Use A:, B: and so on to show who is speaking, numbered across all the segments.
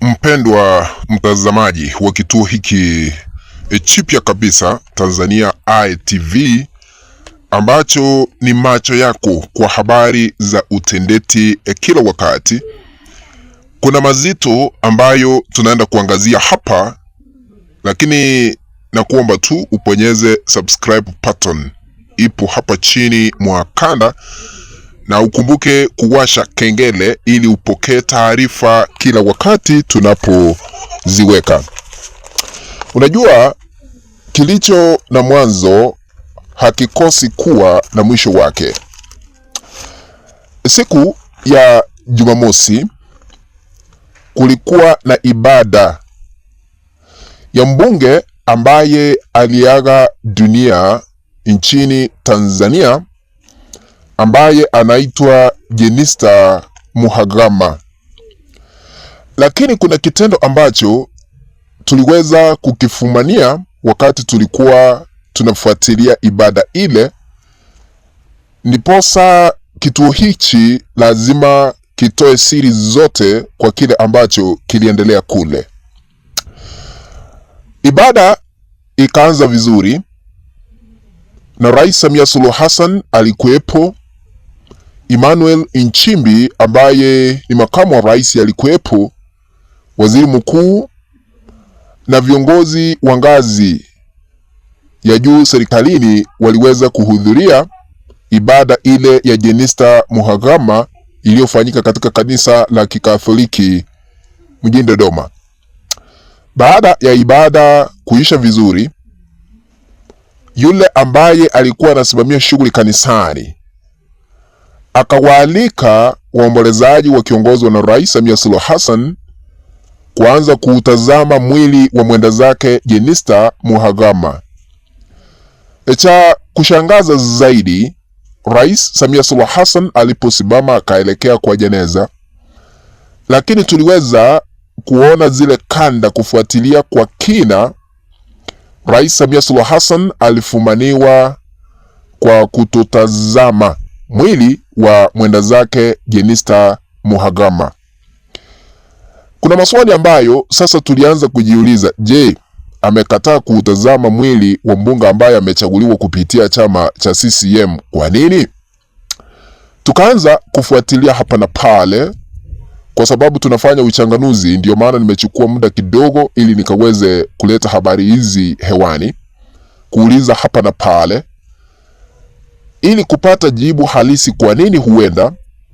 A: Mpendwa mtazamaji wa kituo hiki e chipya kabisa Tanzania Eye TV ambacho ni macho yako kwa habari za utendeti e kila wakati. Kuna mazito ambayo tunaenda kuangazia hapa, lakini nakuomba tu uponyeze subscribe button, ipo hapa chini mwa kanda na ukumbuke kuwasha kengele ili upokee taarifa kila wakati tunapoziweka. Unajua, kilicho na mwanzo hakikosi kuwa na mwisho wake. Siku ya Jumamosi kulikuwa na ibada ya mbunge ambaye aliaga dunia nchini Tanzania ambaye anaitwa Jenista Muhagama. Lakini kuna kitendo ambacho tuliweza kukifumania wakati tulikuwa tunafuatilia ibada ile, posa kituo hichi lazima kitoe siri zote kwa kile ambacho kiliendelea kule. Ibada ikaanza vizuri na Rais Samia Suluhu Hassan alikuwepo Emmanuel Nchimbi ambaye ni makamu wa rais alikuwepo, waziri mkuu na viongozi wa ngazi ya juu serikalini waliweza kuhudhuria ibada ile ya Jenista Muhagama iliyofanyika katika kanisa la kikatholiki mjini Dodoma. Baada ya ibada kuisha vizuri, yule ambaye alikuwa anasimamia shughuli kanisani akawaalika waombolezaji wakiongozwa na Rais Samia Suluhu Hassan kuanza kuutazama mwili wa mwenda zake Jenista Mhagama. Cha kushangaza zaidi, Rais Samia Suluhu Hassan aliposimama akaelekea kwa jeneza, lakini tuliweza kuona zile kanda. Kufuatilia kwa kina, Rais Samia Suluhu Hassan alifumaniwa kwa kutotazama mwili wa mwenda zake Jenista Muhagama. Kuna maswali ambayo sasa tulianza kujiuliza. Je, amekataa kuutazama mwili wa mbunge ambaye amechaguliwa kupitia chama cha CCM kwa nini? Tukaanza kufuatilia hapa na pale, kwa sababu tunafanya uchanganuzi. Ndio maana nimechukua muda kidogo, ili nikaweze kuleta habari hizi hewani, kuuliza hapa na pale ili kupata jibu halisi kwa nini huenda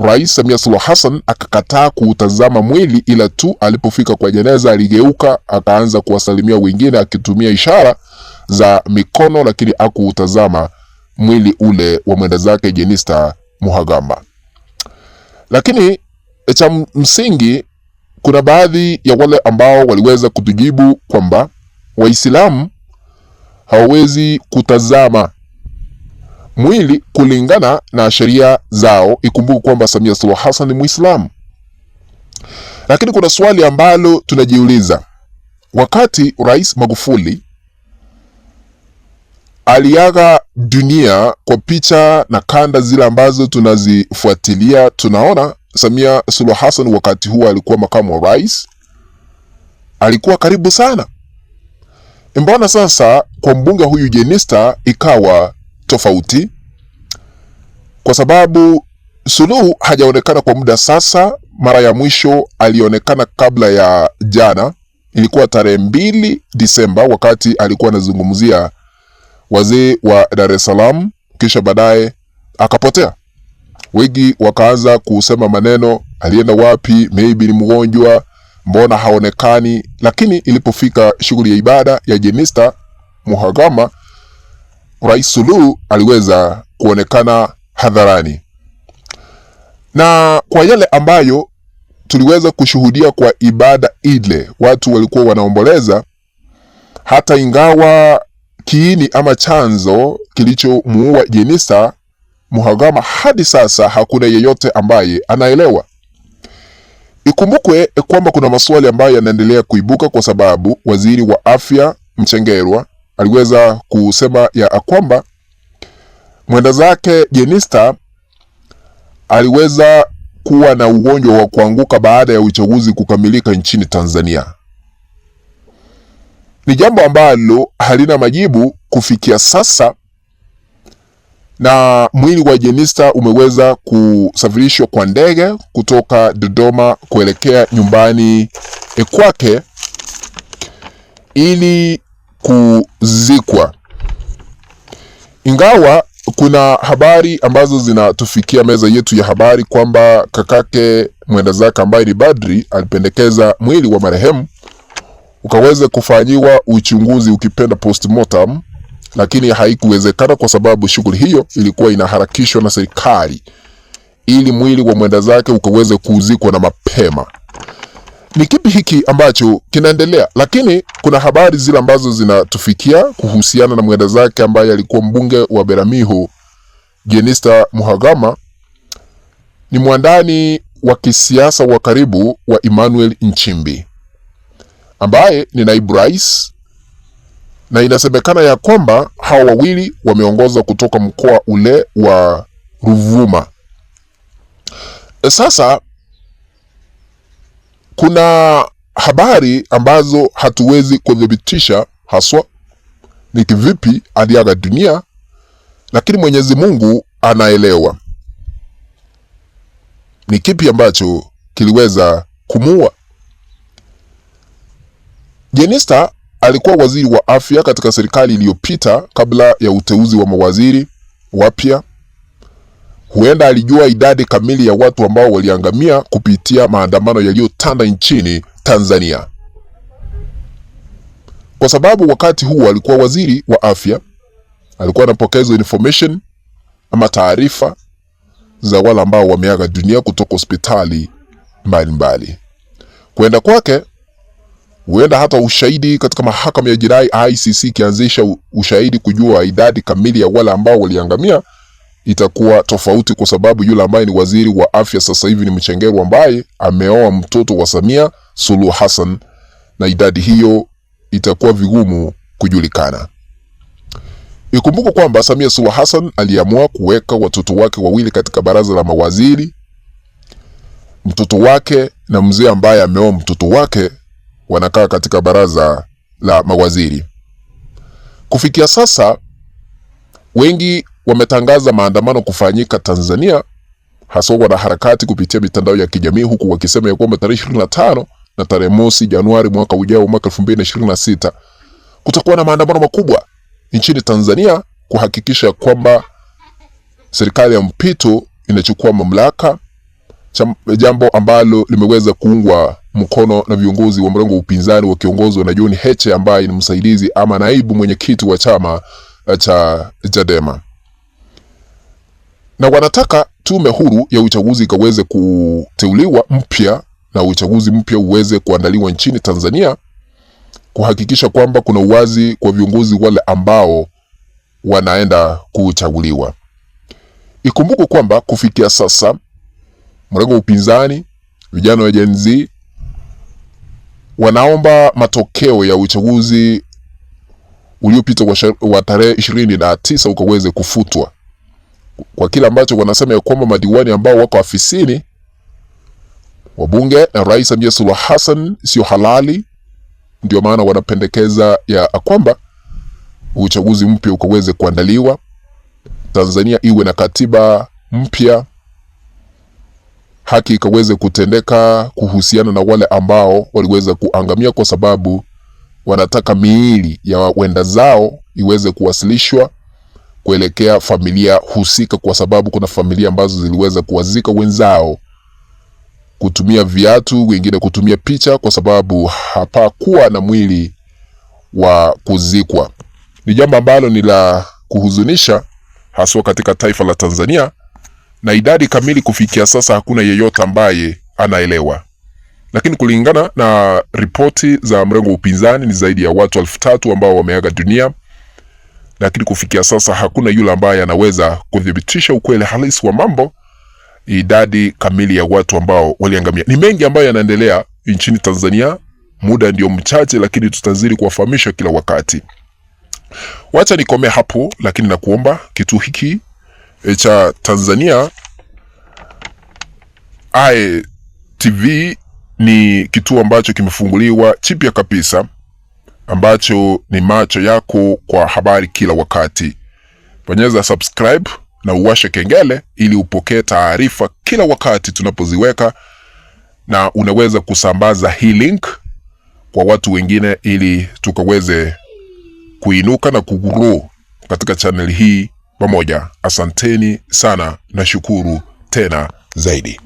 A: Rais Samia Suluhu Hassan akakataa kuutazama mwili, ila tu alipofika kwa jeneza aligeuka akaanza kuwasalimia wengine akitumia ishara za mikono, lakini akuutazama mwili ule wa mwenda zake Jenista Muhagama. Lakini eh, cha msingi, kuna baadhi ya wale ambao waliweza kutujibu kwamba Waislamu hawawezi kutazama mwili kulingana na sheria zao. Ikumbuke kwamba Samia Suluhu Hassan ni Muislamu. Lakini kuna swali ambalo tunajiuliza, wakati Rais Magufuli aliaga dunia, kwa picha na kanda zile ambazo tunazifuatilia, tunaona Samia Suluhu Hassan wakati huo alikuwa makamu wa rais, alikuwa karibu sana. Mbona sasa kwa mbunge huyu Jenista ikawa tofauti, kwa sababu Suluhu hajaonekana kwa muda sasa. Mara ya mwisho alionekana kabla ya jana, ilikuwa tarehe mbili Disemba wakati alikuwa anazungumzia wazee wa Dar es Salaam, kisha baadaye akapotea. Wengi wakaanza kusema maneno, alienda wapi? Maybe ni mgonjwa, mbona haonekani? Lakini ilipofika shughuli ya ibada ya Jenista Mhagama Rais Suluhu aliweza kuonekana hadharani, na kwa yale ambayo tuliweza kushuhudia kwa ibada ile, watu walikuwa wanaomboleza hata ingawa kiini ama chanzo kilichomuua Jenista Mhagama hadi sasa hakuna yeyote ambaye anaelewa. Ikumbukwe kwamba kuna maswali ambayo yanaendelea kuibuka kwa sababu waziri wa afya Mchengerwa aliweza kusema ya kwamba mwenda zake Jenista aliweza kuwa na ugonjwa wa kuanguka baada ya uchaguzi kukamilika nchini Tanzania. Ni jambo ambalo halina majibu kufikia sasa, na mwili wa Jenista umeweza kusafirishwa kwa ndege kutoka Dodoma kuelekea nyumbani kwake ili kuzikwa. Ingawa kuna habari ambazo zinatufikia meza yetu ya habari kwamba kakake mwenda zake ambaye ni Badri alipendekeza mwili wa marehemu ukaweze kufanyiwa uchunguzi ukipenda postmortem, lakini haikuwezekana kwa sababu shughuli hiyo ilikuwa inaharakishwa na serikali ili mwili wa mwenda zake ukaweze kuzikwa na mapema ni kipi hiki ambacho kinaendelea? Lakini kuna habari zile ambazo zinatufikia kuhusiana na mwenda zake ambaye alikuwa mbunge wa Beramiho, Jenista Muhagama ni mwandani wa kisiasa wa karibu wa Emmanuel Nchimbi ambaye ni naibu rais, na inasemekana ya kwamba hawa wawili wameongoza kutoka mkoa ule wa Ruvuma. E, sasa kuna habari ambazo hatuwezi kuthibitisha haswa ni kivipi aliaga dunia, lakini Mwenyezi Mungu anaelewa ni kipi ambacho kiliweza kumua. Jenista alikuwa waziri wa afya katika serikali iliyopita kabla ya uteuzi wa mawaziri wapya Huenda alijua idadi kamili ya watu ambao waliangamia kupitia maandamano yaliyotanda nchini Tanzania, kwa sababu wakati huo alikuwa waziri wa afya, alikuwa anapokezwa information ama taarifa za wale ambao wameaga dunia kutoka hospitali mbalimbali. Kwenda kwake huenda hata ushahidi katika mahakama ya jinai ICC ikianzisha ushahidi kujua idadi kamili ya wale ambao waliangamia itakuwa tofauti, kwa sababu yule ambaye ni waziri wa afya sasa hivi ni Mchengerwa ambaye ameoa mtoto wa Samia Suluhu Hassan, na idadi hiyo itakuwa vigumu kujulikana. Ikumbuke kwamba Samia Suluhu Hassan aliamua kuweka watoto wake wawili katika baraza la mawaziri. Mtoto wake na mzee ambaye ameoa mtoto wake wanakaa katika baraza la mawaziri. Kufikia sasa wengi wametangaza maandamano kufanyika Tanzania, hasa wanaharakati kupitia mitandao ya kijamii, huku wakisema ya kwamba tarehe 25 na tarehe mosi Januari mwaka ujao, mwaka 2026 kutakuwa na maandamano makubwa nchini Tanzania kuhakikisha kwamba serikali ya mpito inachukua mamlaka, jambo ambalo limeweza kuungwa mkono na viongozi wa mrengo wa upinzani wakiongozwa na John Heche ambaye ni msaidizi ama naibu mwenyekiti wa chama eh, cha Chadema na wanataka tume huru ya uchaguzi ikaweze kuteuliwa mpya na uchaguzi mpya uweze kuandaliwa nchini Tanzania kuhakikisha kwamba kuna uwazi kwa viongozi wale ambao wanaenda kuchaguliwa. Ikumbukwe kwamba kufikia sasa mrengo wa upinzani, vijana wa Gen Z wanaomba matokeo ya uchaguzi uliopita wa tarehe ishirini na tisa ukaweze kufutwa kwa kile ambacho wanasema ya kwamba madiwani ambao wako afisini, wabunge na Rais Samia Suluhu Hassan sio halali. Ndio maana wanapendekeza ya kwamba uchaguzi mpya ukaweze kuandaliwa, Tanzania iwe na katiba mpya, haki ikaweze kutendeka kuhusiana na wale ambao waliweza kuangamia, kwa sababu wanataka miili ya wenda zao iweze kuwasilishwa kuelekea familia husika, kwa sababu kuna familia ambazo ziliweza kuwazika wenzao kutumia viatu, wengine kutumia picha, kwa sababu hapakuwa na mwili wa kuzikwa. Ni jambo ambalo ni la kuhuzunisha, haswa katika taifa la Tanzania, na idadi kamili kufikia sasa hakuna yeyote ambaye anaelewa, lakini kulingana na ripoti za mrengo wa upinzani ni zaidi ya watu elfu tatu ambao wameaga dunia lakini kufikia sasa hakuna yule ambaye anaweza kuthibitisha ukweli halisi wa mambo, idadi kamili ya watu ambao waliangamia. Ni mengi ambayo yanaendelea nchini Tanzania, muda ndio mchache, lakini tutazidi kuwafahamisha kila wakati. Wacha nikomea hapo, lakini nakuomba kitu hiki e, cha Tanzania AI e TV ni kituo ambacho kimefunguliwa chipya kabisa ambacho ni macho yako kwa habari kila wakati. Bonyeza subscribe na uwashe kengele ili upokee taarifa kila wakati tunapoziweka, na unaweza kusambaza hii link kwa watu wengine ili tukaweze kuinuka na kuguru katika channel hii pamoja. Asanteni sana, na shukuru tena zaidi.